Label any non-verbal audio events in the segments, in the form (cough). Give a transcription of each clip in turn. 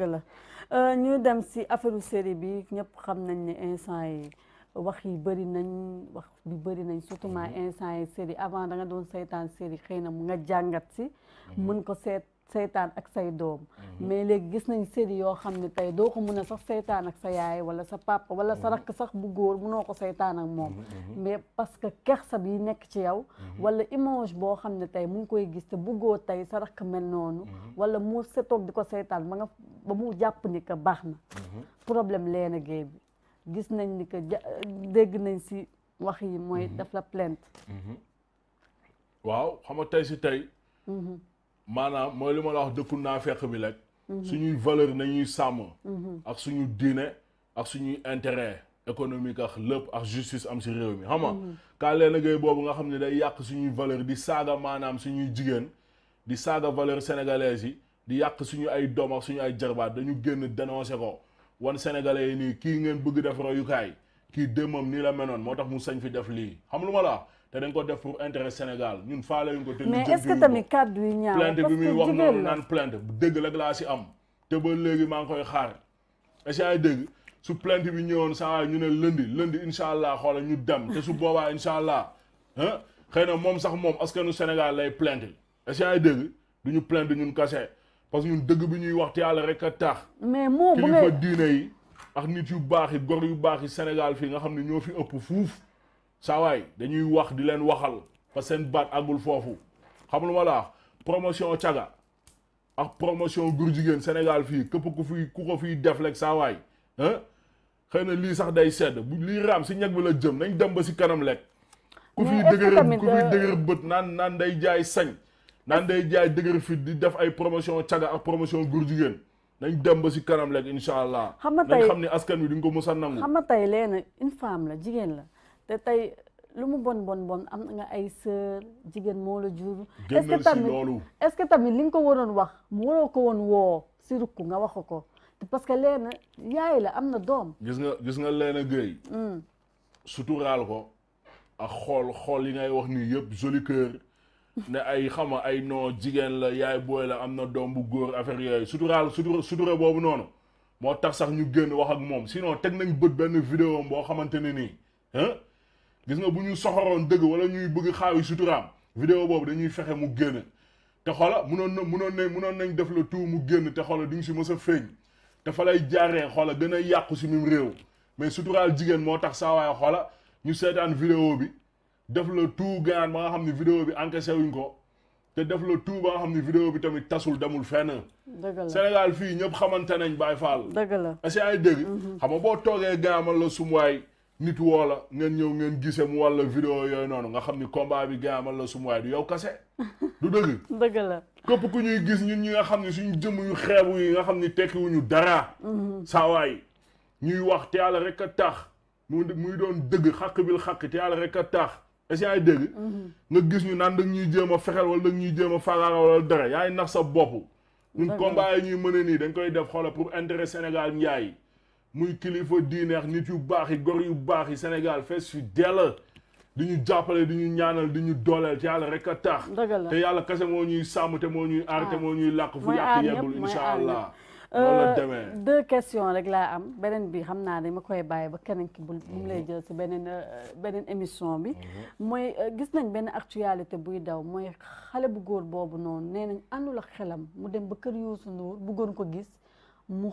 dëgg la euh, ñu dem si affaire seri bi ñëpp xam nañ ne instant yi wax yi bëri nañ wax bi bëri nañ surtout ma mhm. yi série avant da nga doon seetaan série xëy na mu nga jàngat si mën mhm. ko seet seytaan ak say doom mhm. mais léegi gis nañ seet yoo xam ne tey doo ko mun a sax seytaan ak sa yaay wala sa papa wala sa mhm. rakk sax bu góor munoo ko seytaan ak moom mhm, mais parce que sa bi nekk ci yow wala image boo xam ne tey mu ngi koy gis te bëggoo tey sa rakk mel noonu wala mu setoog di ko seytaan ba nga ba mu jàpp ni que baax na problème leena géey bi gis nañ ni que dégg nañ si wax yi mooy daf la plainte waaw xam nga tey si tey maanaam mooy li ma la wax dëkku naa fekk bi rek mhm. suñuy valeur nañuy sàmm mhm. ak suñu diine ak suñuy intérêt économique ak lépp ak justice am si réew mi xam nga mhm. kaa leen a boobu nga xam ne day yàq suñuy valeur di saaga maanaam suñuy jigéen di saaga valeur sénégalaise yi di yàq suñu ay doom ak suñu ay jarbaat dañu génn dénoncé ko wan sénégalais yi nii kii ngeen bëgg def royukaay kii démam nii la menoon moo tax mu sañ fi def lii xam lu ma la te dañ ko def pour intérêt Sénégal ñun faale ñu ko te mais est-ce que tamit kàddu yi ñaaw plainte bi muy wax naan plainte dëgg la laa si am te ba léegi maa ngi koy xaar est-ce que dëgg su plainte bi ñëwoon saa ñu ne lundi lundi incha allah xoola ñu dam te su boobaa incha allah ah xëy na moom sax moom askanu Sénégal lay plainte est-ce que ay dëgg du ñu plainte ñun kase parce que ñun dëgg bi ñuy wax te yàlla rek a tax mais moo bu nga diine yi ak nit yu baax yi gor yu baax yi Sénégal fii nga xam ne ñoo fi ëpp fuuf saawaay dañuy wax di leen waxal parce que seen baat àggul foofu xam lu ma la promotion caga ak promotion góor jigéen Sénégal fii képp ku fi ku ko fii def rek saawaay ah xëy na lii sax day sedd bu lii raam si ñag bi la jëm nañ dem ba si kanam lekk ku fii dëgër ku fiy euh, dëgër bët naan naan day jaay sañ naan day jaay dëgër fit di def ay promotion caga ak promotion góor jigéen nañ dem ba si kanam lekk incha allah. xam nga tey nañ xam ni askan wi duñ ko mos a nangu. xam nga tey te tey lu mu bon bon bon am nga ay sœur jigéen moo la jur. est-ce que est-ce que tamit li nga ko waroon wax mu waroo ko woon woo si rukk nga wax ko parce que leena yaay la am na doom. gis nga gis nga leena Gueye. Mm. suturaal ko ak xool xool yi ngay wax nii yëpp joli cœur. ne ay xama ay noo jigéen la yaay booy la am na doom bu góor affaire yooyu suturaal sutura sutura boobu noonu moo tax sax ñu génn wax ak moom sinon teg nañ bët benn vidéo boo xamante ne nii. gis nga bu ñu soxoroon dëgg wala ñuy bëgg xaawi suturaam vidéo boobu dañuy fexe mu génn te xoola munoon na munoon nañ munoon nañ def le tout mu génn te xoola di ñu si mës a feeñ te fa lay jaaree xoola gën a yàqu si mim réew mais suturaal jigéen moo tax saa waaye ñu seetaan vidéo bi def le tout ganaan ba nga xam ni vidéo bi encaissé wuñ ko te def le tout ba nga xam ne vidéo bi tamit tasul demul fenn. dëgg Sénégal fii ñëpp xamante nañ Baye Fall. dëgg la ay dëgg. Mhm. xam nga boo toogee gaamal la sumuwaay nit woo la ngeen ñëw ngeen gise mu wàll vidéo yooyu noonu nga xam ni combat bi gaamal la suma du yow kase (laughs) du dëgg dëgg la képp ku ñuy gis ñun ñi nga xam ne suñu jëmm yu xeebu yi nga xam ni tekkiwuñu dara mhm. saawaay ñuy wax te yàlla rek a tax mu muy doon dëgg xàq bil xàq te yàlla rek a tax est-ce yaay dégg mhm. nga gis ñu naan dag ñuy jéem a fexel wala dag ñuy jéem a fagaara wala dara yaay nax sa bopp ñun combat yi ñuy mën a nii dañ koy def xoola pour intérêt Sénégal njaay muy kilifa diineex nit yu baax yi gor yu baax yi Sénégal fees fi dell di ñu jàppale di ñu ñaanal di ñu dooleel te yàlla rek a tax te yàlla kese moo ñuy sàmm te moo ñuy aar ah. moo ñuy làq fu yàq yeggul insha allah loolu euh, demee deux questions rek laa am beneen bi xam naa ne ma koy bàyyi ba keneen ki bu mu lay mhm. jël si beneen euh, beneen émission bi mhm. mooy euh, gis nañ benn actualité buy daw mooy xale bu góor boobu noonu nee nañ àndul ak xelam mu dem ba kër Youssou Ndour bëggoon ko gis mu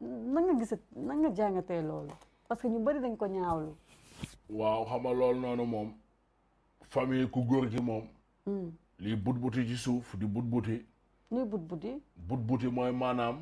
nan nga gisa nan nga jàngatee loolu parce que ñu bari dañ ko ñaawlu waaw xam nga loolu noonu moom famille ku góor gi moom hmm. lii but buti ci suuf di but buti luy but buti but buti mooy maanaam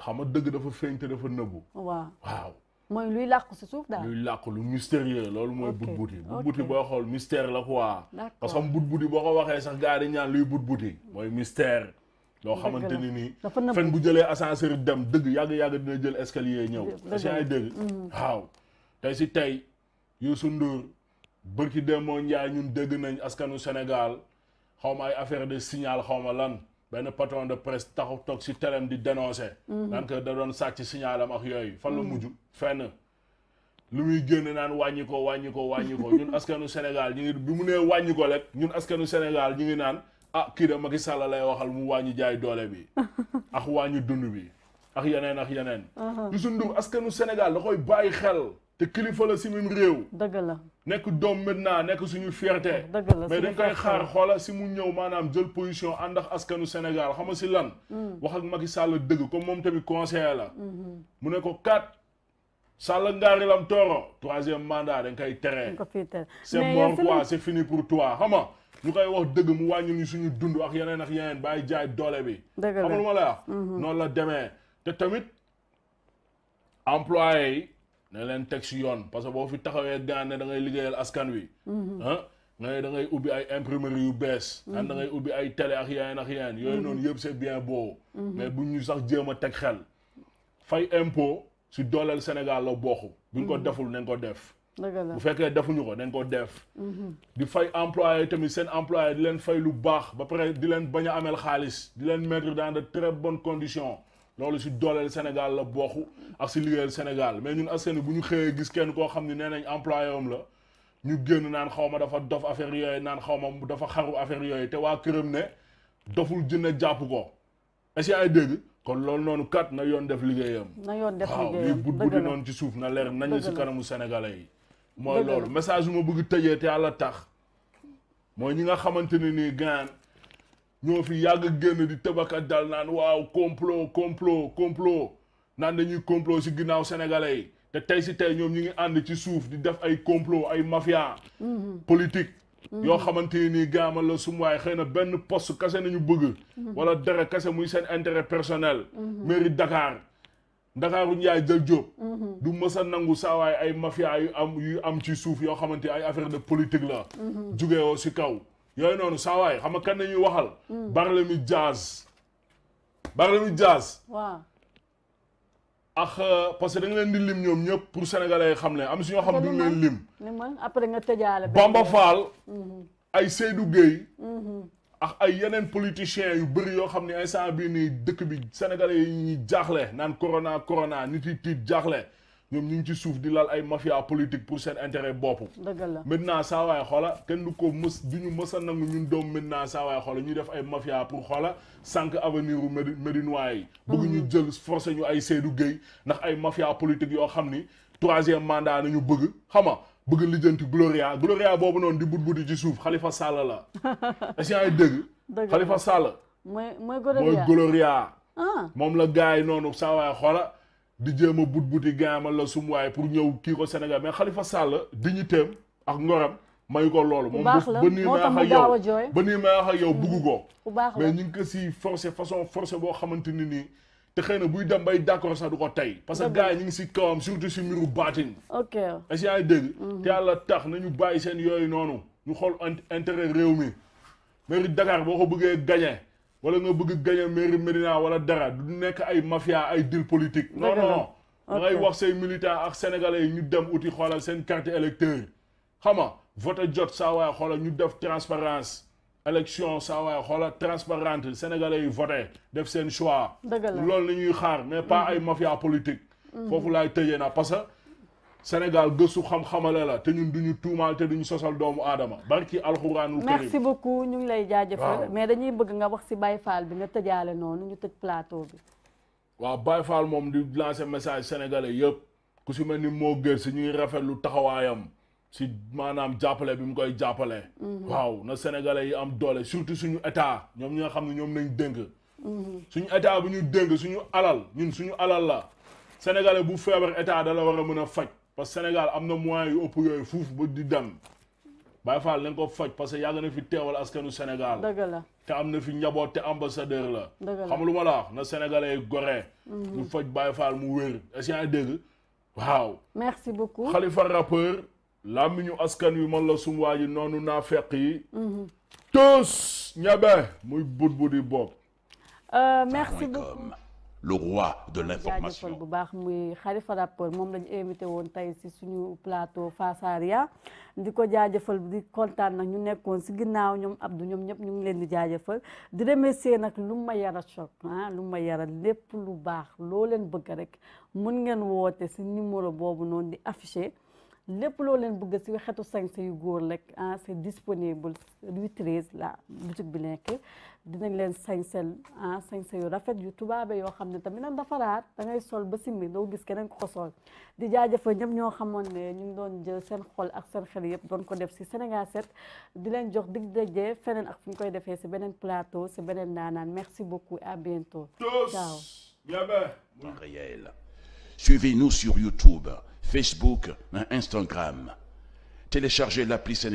xam nga dëgg dafa feeñ te dafa nëbbu waaw waaw mooy luy làqu si suuf daal luy làqu lu mystérieux loolu mooy but buti but buti boo xool mystère la quoi parce que but buti boo ko waxee sax gars yi dañ ñaan luy but buti mooy mystère loo xamante ni nii fen bu jëlee ascenseur dem dëgg yàgg-yàgg dina jël escalier ñëw si ay dëgg mm. waaw tey si tey Youssou Ndour bërki demoo njaay ñun dégg nañ askanu Sénégal xawma ma ay affaire de signal xaw ma lan benn patron de presse taxu toog si telem di dénoncé daan mm. ko da doon sàcc signalam ak yooyu fan la mm. mujj fenn lu muy génn naan wàññi ko wàññi ko wàññi ko ñun askanu Sénégal ñu ngi bi mu nee wàññi ko rek ñun askanu Sénégal ñu ngi naan ah kii da Macky Sall lay waxal mu wàññi jaay doole bi (laughs) ak wàññi dund bi ak yeneen ak yeneen uh-huh. Youssou Ndour askanu Sénégal da koy bàyyi xel te kilifa la si mim réew dëgg la nekk doom maintenant nekk suñu fierté mais dañ koy xaar xoola si mu ñëw maanaam jël position ànd ak askanu Sénégal xam nga si lan mm. wax ak Macky sàll dëgg comme moom tamit conseiller la mm-hmm. mu ne ko kat Sall ngaari lam tooro troisième mandat dañ koy tere c'est mort quoi c'est fini pour toi xam ñu koy wax dëgg mu wàññi ñu suñu dund ak yeneen ak yeneen bàyyi jaay doole bi. dëgg xam lu ma la wax. Mhm. noonu la demee te tamit employé yi. ne leen teg si yoon parce que boo fi taxawee gaan ne da ngay liggéeyal askan wi. Mhm. ah nga da ngay ubbi ay imprimerie yu bees. Mhm. na ngay ubbi ay télé ak yeneen ak yeneen. yooyu noonu yëpp c'est bien boo mais bu ñu sax jéem a teg xel. fay impo si dooleel Sénégal la bokk. bu ñu ko deful nañ ko def. bu fekkee defuñu ko dañ ko def. Mhm. di fay employé tamit seen employé di leen fay lu baax ba pare di leen bañ a amel xaalis di leen mettre dans de très bon condition loolu si dooleel Sénégal la bokk ak si liggéeyal Sénégal mais ñun askan bu ñu xëyee gis kenn koo xam ne nee nañ employé am la ñu génn naan xaw ma dafa dof affaire yooyu naan xaw ma dafa xaru affaire yooyu te waa këram ne doful a jàpp ko est-ce que ay dégg. kon loolu noonu kat na yoon def liggéeyam. na yoon def liggéeyam waaw buy buddi noonu ci suuf na leer nañu si kanamu sénégalais yi. mooy loolu message bi ma bëgg tëjee te yàlla tax mooy ñi nga xamante ne nii gaan ñoo fi yàgg génn di tëbaka dal naan waaw complot complot complot naan dañuy complot si ginnaaw sénégalais yi te tey si tey ñoom ñu ngi ànd ci suuf di def ay complot ay mafia mhm. politique ñoo mhm. xamante ni nii gaama la sum waay xëy na benn poste kase nañu bëgg mhm. wala dara kase muy seen intérêt personnel mairie Dakar ndakaaru njaay jël jóob mhm. du mës a nangu saawaay ay mafia yu am yu am ci suuf yoo xamante ay affaire de politique la mhm. jugewoo si kaw yooyu noonu saawaay xam nga kan nañuy waxal mhm. Barthélemy Dias Barthélemy Dias waaw ak euh, parce que da leen di lim ñoom ñëpp pour sénégalais xam ne am si ñoo xam duñu leen lim après nga tëjaale Bamba Fall ay Seydou Gueye ndax ay yeneen politiciens yu bëri yoo xam ne instant bii nii dëkk bi sénégalais yi ñuy jaaxle naan corona corona nit yi tiit jaaxle ñoom ñu ngi ci suuf di lal ay mafia politique pour seen intérêt bopp. dëgg la maintenant saa waay xoola kenn du ko mës du ñu mës a nangu doom maintenant saa waay xoola ñuy def ay mafia pour xoola sànq avenir u Médinois yi. bëgg ñu mm. jël forcé ñu ay Seydou Gueye ndax ay mafia politique yoo xam ni troisième mandat nañu bëgg xama bëgg lijjanti Gloria Gloria boobu noonu di bud budi ci suuf Khalifa Sall la. (laughs) est-ce que ay dëgg. Khalifa Sall. mooy mooy Gloria ah. moom la gars yi noonu saa waay xoola di jëm a bud buti gaamal la sum pour ñëw kii ko Sénégal mais Khalifa di dignitéem ak ngoram. mayu ko loolu moom ba nii may wax ak yow ba nii may wax ak yow bugg ko. mais ñu ngi façon forcé boo xamante ni nii. te xëy na buy dem bay d'accord sax du ko tey parce que gars yi ñu ngi si kawam surtout si mbiru baatin ok est-ce yaa ngi dégg mhm. te yàlla tax nañu bàyyi seen yooyu noonu ñu xool intérêt réew mi mairie Dakar boo ko bëggee gagné wala nga bëgg gagné mairie Médina wala dara du nekk ay mafia ay deal politique non non da ngay wax say militants ak sénégalais yi ñu dem uti xoolal seen carte électeur xam nga vote jot saa waaye xoolal ñu def transparence élection saa waay xoolal transparente sénégalais yi voté def seen choix. loolu la ñuy xaar mais pas ay mhm. mafia politique. Mhm. foofu laay tëjee na parce que Sénégal gëstu xam-xamale la te ñun du ñu tuumaal te du ñu sosal doomu aadama barki alxuraanul karim merci beaucoup ñu ngi lay jaajëfal. mais dañuy bëgg nga wax si Baye Fall bi nga tëjaale noonu ñu tëj plateau bi. waaw Baye Fall moom di lancer message sénégalais yëpp ku si mel ni moo gër si ñuy rafetlu taxawaayam. si maanaam jàppale bi mu koy jàppale mhm. waaw na sénégalais yi am doole surtout suñu état ñoom ñi nga xam ne ñoom nañ dénk mhm. suñu état bu ñu dénk suñu alal ñun suñu alal la sénégalais bu feebar état da la war a mën a faj parce que Sénégal am na moyens yu ëpp yooyu fuuf ba di dem Baye Fall nañ ko faj parce que yàgg na fi teewal askanu Sénégal dëgg te am na fi njaboot te ambassadeur la xam lu ma la wax na sénégalais yi goree mhm. ñu faj Baye Fall mu wér est-ce dégg waaw làmmiñu askan wi man la sum waa ji noonu naa feq yi mhm. tous ñebe muy bud budi boob euh, merci beaucoup le roi de l'information bu baax muy Khalifa Rappeur moom lañu invité woon tey si suñu plateau Fassaaria di ko jaajëfal di kontaan nag ñu nekkoon si ginnaaw ñoom du ñoom ñëpp ñu ngi leen di jaajëfal di remercier nag lu ma yara choc ah, lu ma yara lépp lu baax loo leen bëgg rek mun ngeen woote si numéro boobu noonu di affiché lépp loo leen bëgg si xeetu sañse yu góor rek ah c' est disponible rue 13 la boutique bi nekk dinañ leen sañsel ah sañse yu rafet yu tubaabe yoo xam ne tamit nag dafa raar da ngay sol ba simmi doo gis keneen ko ko sol di jaajëfal ñëpp ñoo xamoon ne ñu ngi doon jël seen xol ak seen xel yëpp doon ko def si Sénégal 7 di leen jox dig daje feneen ak fu ñu koy defee si beneen plateau si beneen naanaan merci beaucoup à bientôt ciao Suivez-nous sur YouTube. Facebook, un Instagram. Téléchargez l'appli Sénégal.